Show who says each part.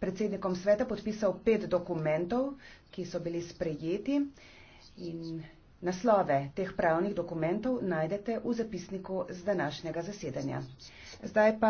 Speaker 1: predsednikom sveta podpisal pet dokumentov, ki so bili sprejeti. In naslove teh pravnih dokumentov najdete v zapisniku z današnjega
Speaker 2: zasedanja. Zdaj pa